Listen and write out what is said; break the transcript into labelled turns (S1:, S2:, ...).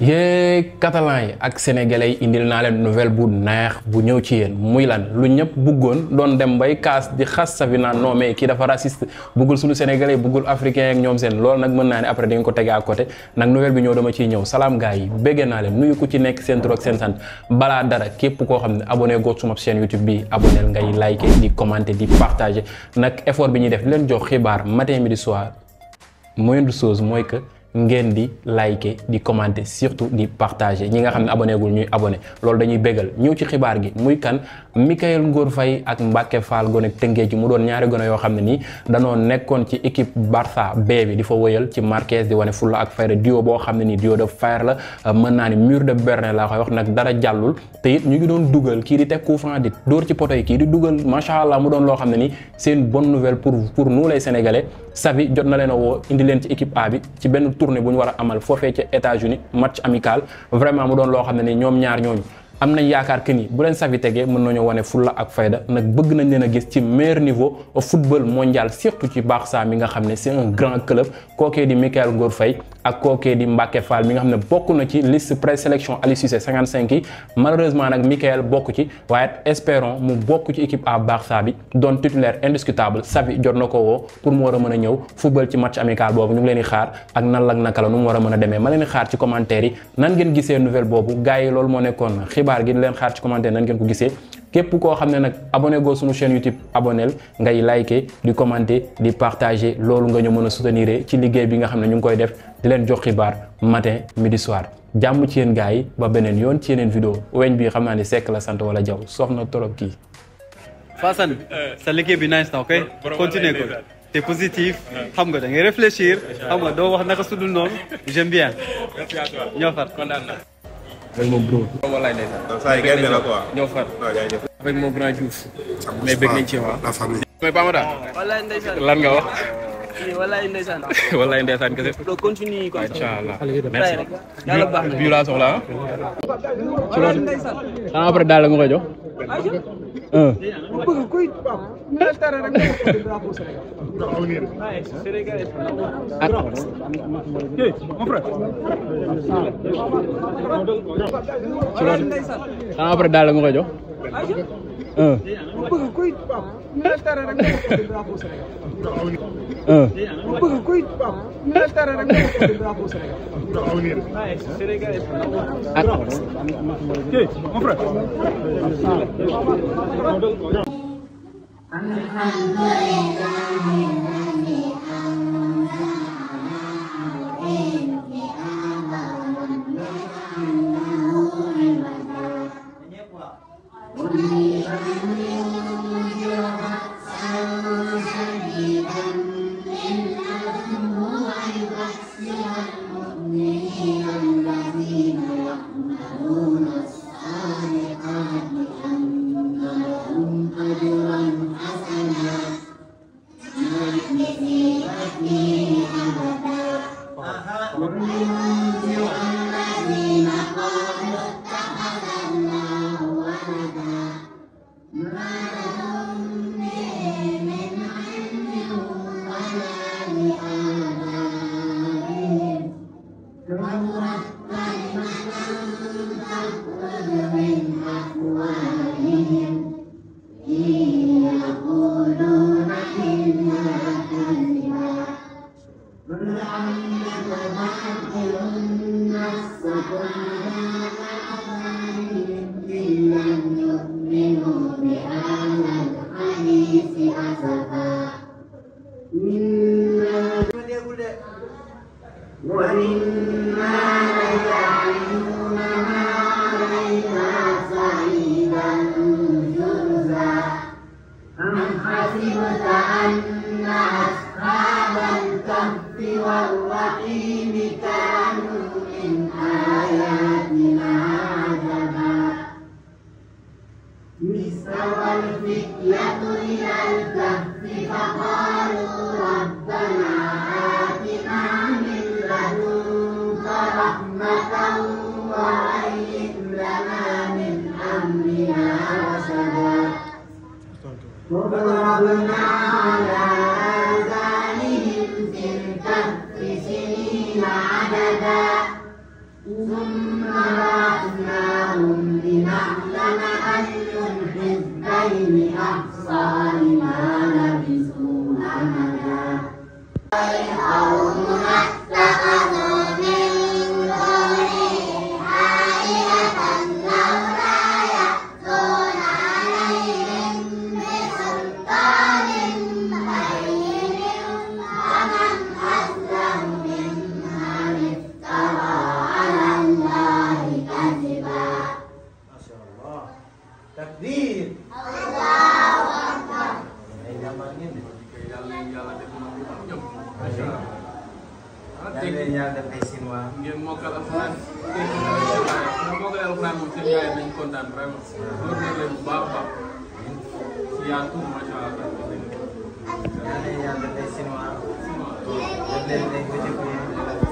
S1: yée catalan yi ak sénégalais yi indil naa leen nouvelle bu naax bu ñëw ci yéen muy lan lu ñëpp buggoon doon dem bay kaas di xas sa naan non mais kii dafa raciste bëggul suñu sénégalais bëggul africain ak ñoom seen loolu nag mën naa ne après di nga ko tege à côté nag nouvelle bi ñëw dama ciy ñëw salaam gars yi béggee naa leen nuyu ku ci nekk seen tur ak seen sant balaa dara képp koo xam ne abonné goot suma seen YouTube bi abonné ngay liké di commenté di partagé nag effort bi ñuy def di leen jox xibaar matin midi soir moindre chose mooy que ngeen di liker di commenter surtout di partager ñi nga xam ne abonné ñuy abonné loolu dañuy bégal ñëw ci xibaar gi muy kan Michael Ngor Faye ak Mbacke Fall gone tënkee ci mu doon ñaari gone yoo xam ne nii danoo nekkoon ci équipe Barça B bi di fa wëyal ci Marquez di wane fulla ak fayda duo boo xam ne nii duo de fire la mën naa ni mur de Berlin laa koy wax nag dara jàllul te it ñu ngi doon dugal kii di teg coup franc di dóor ci poto kii di dugal macha allah mu doon loo xam ne nii seen bon bonne nouvelle pour pour nous les Sénégalais Xavi jot na leen a woo indi leen ci équipe A bi ci benn tournée bu ñu war a amal foofee ca États-Unis match amical vraiment doon loo xam ne nii ñoom ñaar ñooñu am nañ yaakaar que ni bu leen safi tegee mën nañoo wane fulla ak fayda nag bëgg nañ leen a gis ci meilleur niveau football mondial surtout ci Barça mi nga xam ne c'est un grand club kookee di Michael Ngor Faye ak kookee di Mbacké Fall mi nga xam ne bokk na ci liste présélection Aliou Cissé 55 yi malheureusement nag Michael bokk ci waaye espérons mu bokk ci équipe à Barça bi doon titulaire indiscutable safi jot na ko woo pour mu war a mën a ñëw football ci match amical boobu ñu la nu mu war a mën a demee ma leen di xaar ci commentaire yi nan ngeen gisee nouvelle boobu xibaar gi di leen xaar ci commentaire nan ngeen a soutenir ci bi nga ne ñu ngi koy def di leen jox xibaar matin midi soir jàmm ci yéen gars yi ba beneen yoon ci yeneen vidéo weñ bi xam naa ni sekk la sant wala jaw soxna torop kii Fassane sa liggéey bi nice na ok continue ko te positif xam nga da ngay réfléchir xam nga doo wax naka sudul noonu j'aime ñoo far mooy moom la quoi ñëw far. avec mon grand Diouf. mais bëgg nañ ci waa. mais Bamada. walaay ndeysaan lan nga wax. walaay ndeysaan. walaay ndeysaan kese. donc continue comme ça. incha allah merci. yàlla baax na bii laa soxla ah. ci loolu. après daal la nga ah. ah. xanaa après daal la nga koy ministère rek bëgg drapeau Sénégal. mu bëgg kuy baax ministère rek bëgg drapeau Sénégal. Alhamdulillah الفتية إلى الكهف فقالوا ربنا هذا وضربنا على آذانهم في الكهف سنين عددا ثم بعثناهم لنعلم أي الحزبين أحصى لما لبثوا أمدا lay ñaanal ay Sinois. ngeen mokkal alxuraan. ngeen mokkal alxuraan moom seen yaay dañ kontaan vraiment. loolu nag leen bu baax baax. si yaatu macha allah. yàlla lay ñaanal ay Sinois. Sinois. def leen ay bëccëg